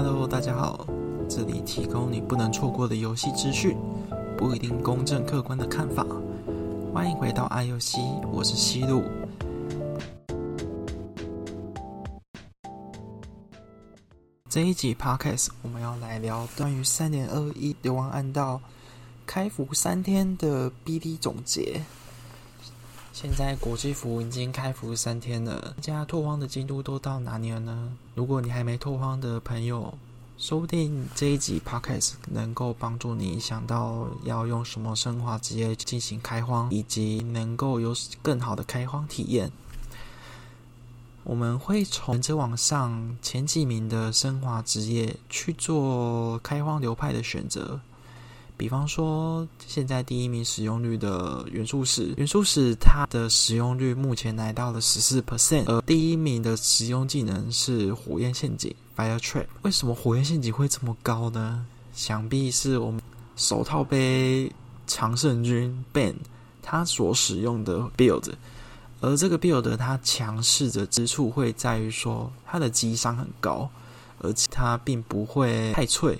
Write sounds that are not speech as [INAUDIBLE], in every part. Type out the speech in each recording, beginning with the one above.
Hello，大家好，這裡提供你不能錯過的遊戲資訊，不一定公正客觀的看法。歡迎回到阿遊戲，我是西路。這一集 Podcast 我們要來聊關於三點二一流亡黯道開服三天的 BD 總結。現在國際服已經開服三天了，大家拓荒的進度都到哪裡了呢？如果你還沒拓荒的朋友，說不定這一集 podcast 能夠幫助你想到要用什麼升華職業進行開荒，以及能夠有更好的開荒體驗。我們會從忍者網上前幾名的升華職業去做開荒流派的選擇。比方說，現在第一名使用率的元素使元素使，它的使用率目前來到了十四 percent，而第一名的使用技能是火焰陷阱 fire trap。為什麼火焰陷阱會這麼高呢？想必是我們手套杯常勝軍 Ben 他所使用的 build，而這個 build 它強勢的之處會在於說，它的擊傷很高，而且它並不會太脆，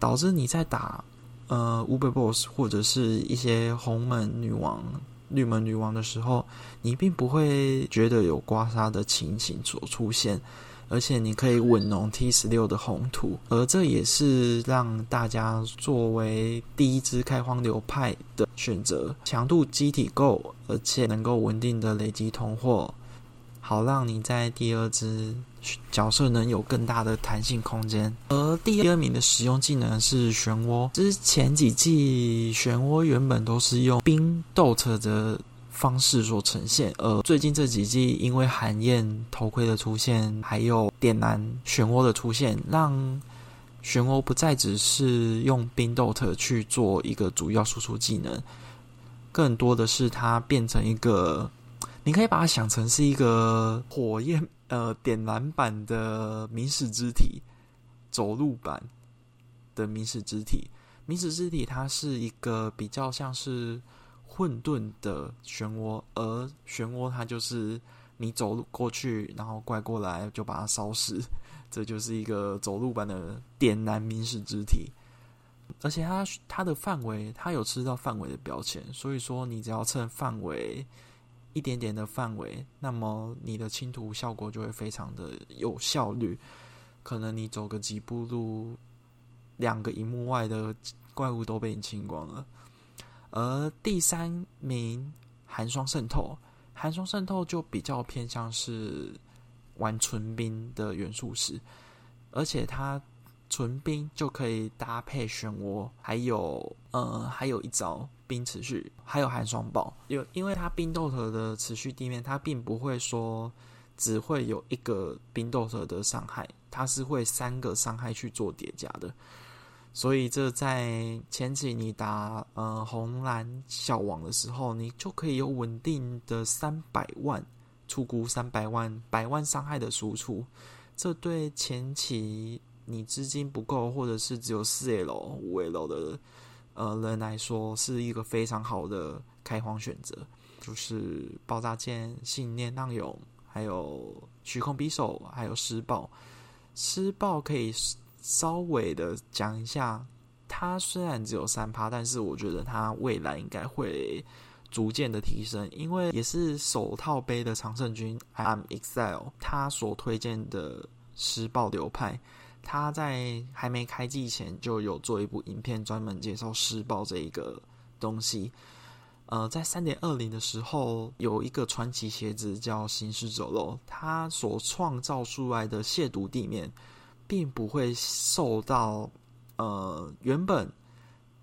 導致你在打。呃，Uber Boss 或者是一些紅門女王、綠門女王的時候，你並不會覺得有刮痧的情形所出現，而且你可以穩農 T 十六的紅圖，而這也是讓大家作為第一支開荒流派的選擇，強度機體夠，而且能夠穩定的累積通貨。好讓你在第二隻角色能有更大的彈性空間。而第二名的使用技能是漩渦。之前幾季漩渦原本都是用冰 dot 的方式所呈現，而最近這幾季因為寒焰頭盔的出現，還有點燃漩渦的出現，讓漩渦不再只是用冰 dot 去做一個主要輸出技能，更多的是它變成一個。你可以把它想成是一個火焰，呃，點燃版的迷失之體，走路版的迷失之體。迷失之體它是一個比較像是混沌的漩渦，而漩渦它就是你走路過去，然後怪過來就把它燒死。這就是一個走路版的點燃迷失之體，而且它它的範圍，它有吃到範圍的標籤，所以說你只要趁範圍。一點點的範圍，那麼你的清圖效果就會非常的有效率。可能你走個幾步路，兩個熒幕外的怪物都被你清光了。而第三名寒霜滲透，寒霜滲透就比較偏向是玩純冰的元素師，而且他。純冰就可以搭配漩渦，還有呃、嗯，還有一招冰持續，還有寒霜爆。因為它冰豆頭的持續地面，它並不會說只會有一個冰豆頭的傷害，它是會三個傷害去做疊加的。所以這在前期你打呃、嗯、紅藍小王的時候，你就可以有穩定的三百萬初估三百萬百萬傷害的輸出，這對前期。你資金不夠，或者是只有四 A 樓、五 A 樓的呃人來說，是一個非常好的開荒選擇。就是爆炸箭、信念浪湧，還有虛空匕首，還有施暴。施暴可以稍微的講一下，它雖然只有三趴，但是我覺得它未來應該會逐漸的提升，因為也是手套杯的常勝軍 I'm Excel 他所推薦的施暴流派。他在還沒開服前就有做一部影片，專門介紹屍爆這一個東西。呃，在三點二零的時候，有一個傳奇鞋子叫行屍走肉，它所創造出來的褻瀆地面，並不會受到呃原本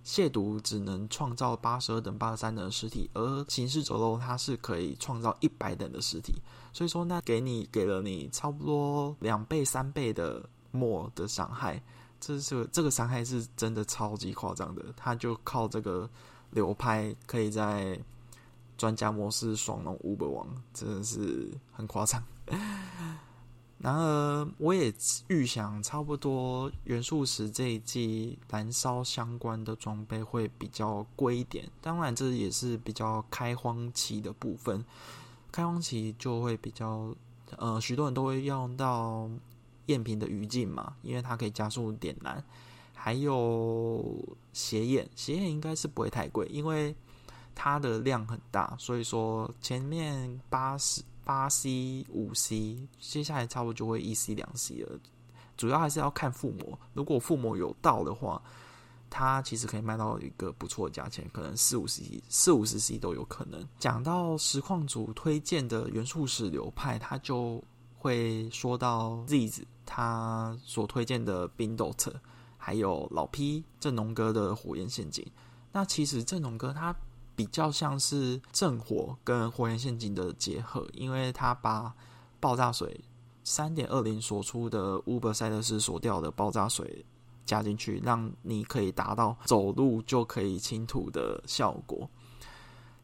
褻瀆只能創造八十二等八十三等的屍體，而行屍走肉它是可以創造一百等的屍體。所以說，那給你給了你差不多兩倍三倍的。末的傷害，這是這個傷害是真的超級誇張的。他就靠這個流派可以在專家模式爽龍五百王，真的是很誇張。 [LAUGHS] 然而，我也預想差不多元素石這一季燃燒相關的裝備會比較貴一點。當然，這也是比較開荒期的部分，開荒期就會比較呃，許多人都會用到。電瓶的餘燼嘛，因為它可以加速點燃，還有邪眼，邪眼應該是不會太貴，因為它的量很大，所以說前面八十八 c 五 c，接下來差不多就會一 c 兩 c 了。主要還是要看附魔，如果附魔有到的話，它其實可以賣到一個不錯的價錢，可能四五十 c 四五十 c 都有可能。講到實況主推薦的元素使流派，它就。會說到 Ziz 他所推薦的冰豆車還有老 P 正龍哥的火焰陷阱。那其實正龍哥他比較像是正火跟火焰陷阱的結合，因為他把爆炸水三點二零所出的 Uber 塞勒斯所掉的爆炸水加進去，讓你可以達到走路就可以清圖的效果。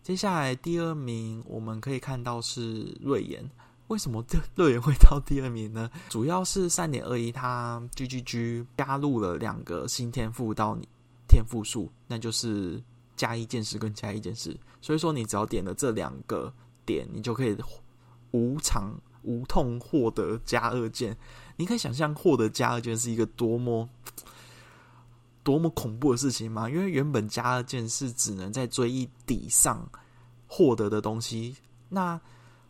接下來第二名我們可以看到是瑞妍。為什麼這樂園會到第二名呢？主要是三點二一，它 G G G 加入了兩個新天賦到你天賦樹，那就是加一件事跟加一件事。所以說，你只要點了這兩個點，你就可以無償無痛獲得加二件。你可以想象獲得加二件是一個多麼多麼恐怖的事情嗎？因為原本加二件是只能在追憶底上獲得的東西，那。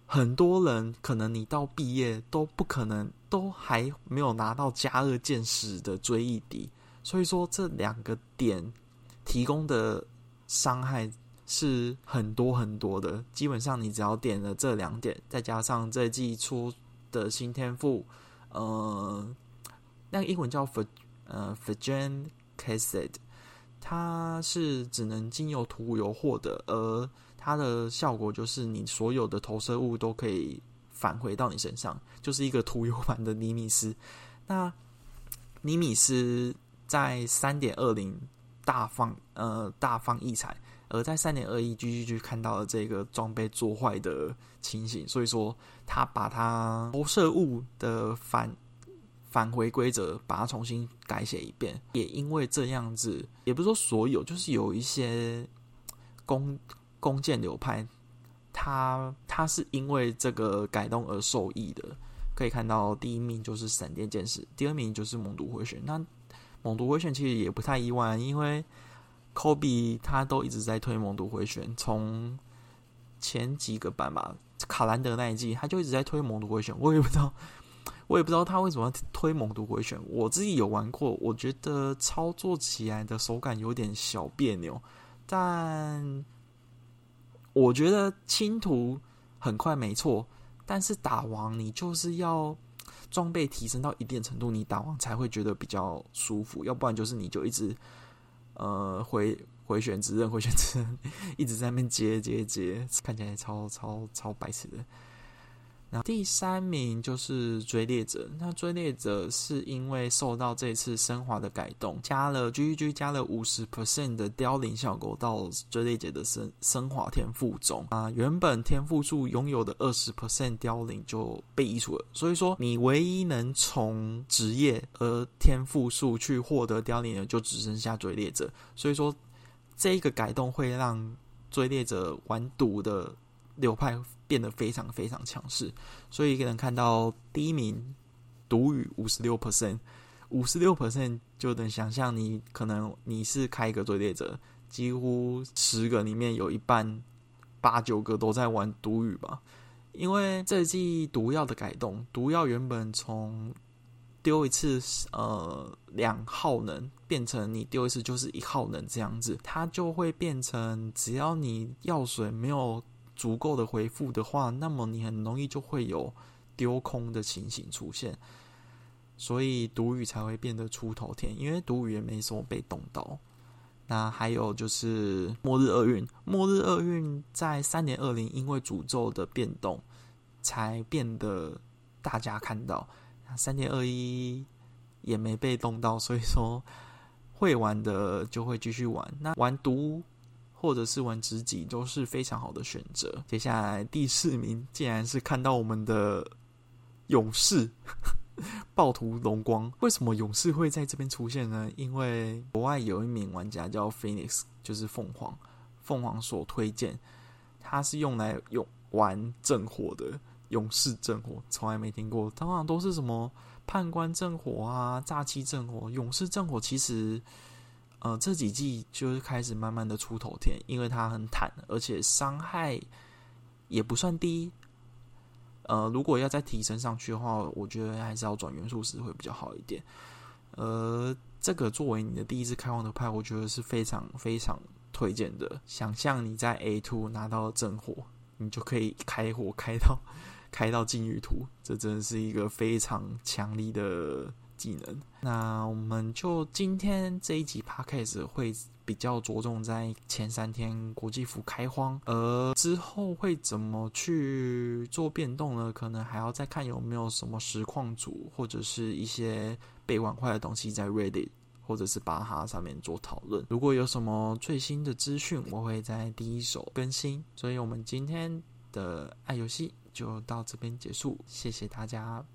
很多人可能你到畢業都不可能都還沒有拿到加二劍士的追憶敵，所以說這兩個點提供的傷害是很多很多的。基本上你只要點了這兩點，再加上這季出的新天賦，呃，那個英文叫呃 Fragrant Cascade。它是只能經由塗油獲得，而它的效果就是你所有的投射物都可以返回到你身上，就是一個塗油版的尼米斯。那尼米斯在三點二零大放呃大放異彩，而在三點二一 GGG 看到了這個裝備做壞的情形，所以說他把他投射物的反返回規則，把它重新改寫一遍。也因為這樣子，也不是說所有，就是有一些弓弓箭流派，他他是因為這個改動而受益的。可以看到，第一名就是閃電劍士，第二名就是猛毒回旋。那猛毒回旋其實也不太意外，因為科比他都一直在推猛毒回旋，從前幾個版吧，卡蘭德那一季他就一直在推猛毒回旋，我也不知道。我也不知道他為什麼要推猛毒回旋。我自己有玩過，我覺得操作起來的手感有點小彆扭。但我覺得清圖很快沒錯，但是打王你就是要裝備提升到一定程度，你打王才會覺得比較舒服。要不然就是你就一直呃回回旋之刃，回旋之刃一直在那邊接接接，看起來超超超白痴的。第三名就是追獵者。那追獵者是因為受到這次昇華的改動，加了 GGG 加了五十 percent 的凋零效果到追獵者的升昇華天賦中啊，原本天賦樹擁有的二十 percent 凋零就被移除了。所以說，你唯一能從職業和天賦樹去獲得凋零的，就只剩下追獵者。所以說，這個改動會讓追獵者玩毒的流派。變得非常非常強勢，所以一個人看到第一名毒雨五十六 percent，五十六 percent 就能想象你可能你是開一個追獵者，幾乎十個裡面有一半八九個都在玩毒雨吧。因為這一季毒藥的改動，毒藥原本從丟一次呃兩耗能變成你丟一次就是一耗能這樣子，它就會變成只要你藥水沒有。足夠的回復的話，那麼你很容易就會有丟空的情形出現，所以毒雨才會變得出頭天，因為毒雨也沒什麼被動到。那還有就是末日厄運，末日厄運在三點二零因為詛咒的變動才變得大家看到，那三點二一也沒被動到，所以說會玩的就會繼續玩，那玩毒。或者是玩職級都是非常好的選擇。接下來第四名竟然是看到我們的勇士 [LAUGHS] 暴徒龍光，為什麼勇士會在這邊出現呢？因為國外有一名玩家叫 Phoenix，就是鳳凰，鳳凰所推薦，他是用來用玩正火的勇士正火，從來沒聽過，通常都是什麼判官正火啊，詐欺正火、勇士正火，其實。呃，這幾季就是開始慢慢的出頭天，因為它很坦，而且傷害也不算低。呃，如果要再提升上去的話，我覺得還是要轉元素使會比較好一點。呃，這個作為你的第一次開荒的派，我覺得是非常非常推薦的。想象你在 A2 拿到正火，你就可以開火開到開到禁慾圖，這真的是一個非常強力的。技能。那我們就今天這一集 Podcast 會比較着重在前三天國際服開荒，而之後會怎麼去做變動呢？可能還要再看有沒有什麼實況組或者是一些被玩壞的東西在 Reddit 或者是巴哈上面做討論。如果有什麼最新的資訊，我會在第一手更新。所以，我們今天的愛遊戲就到這邊結束，謝謝大家。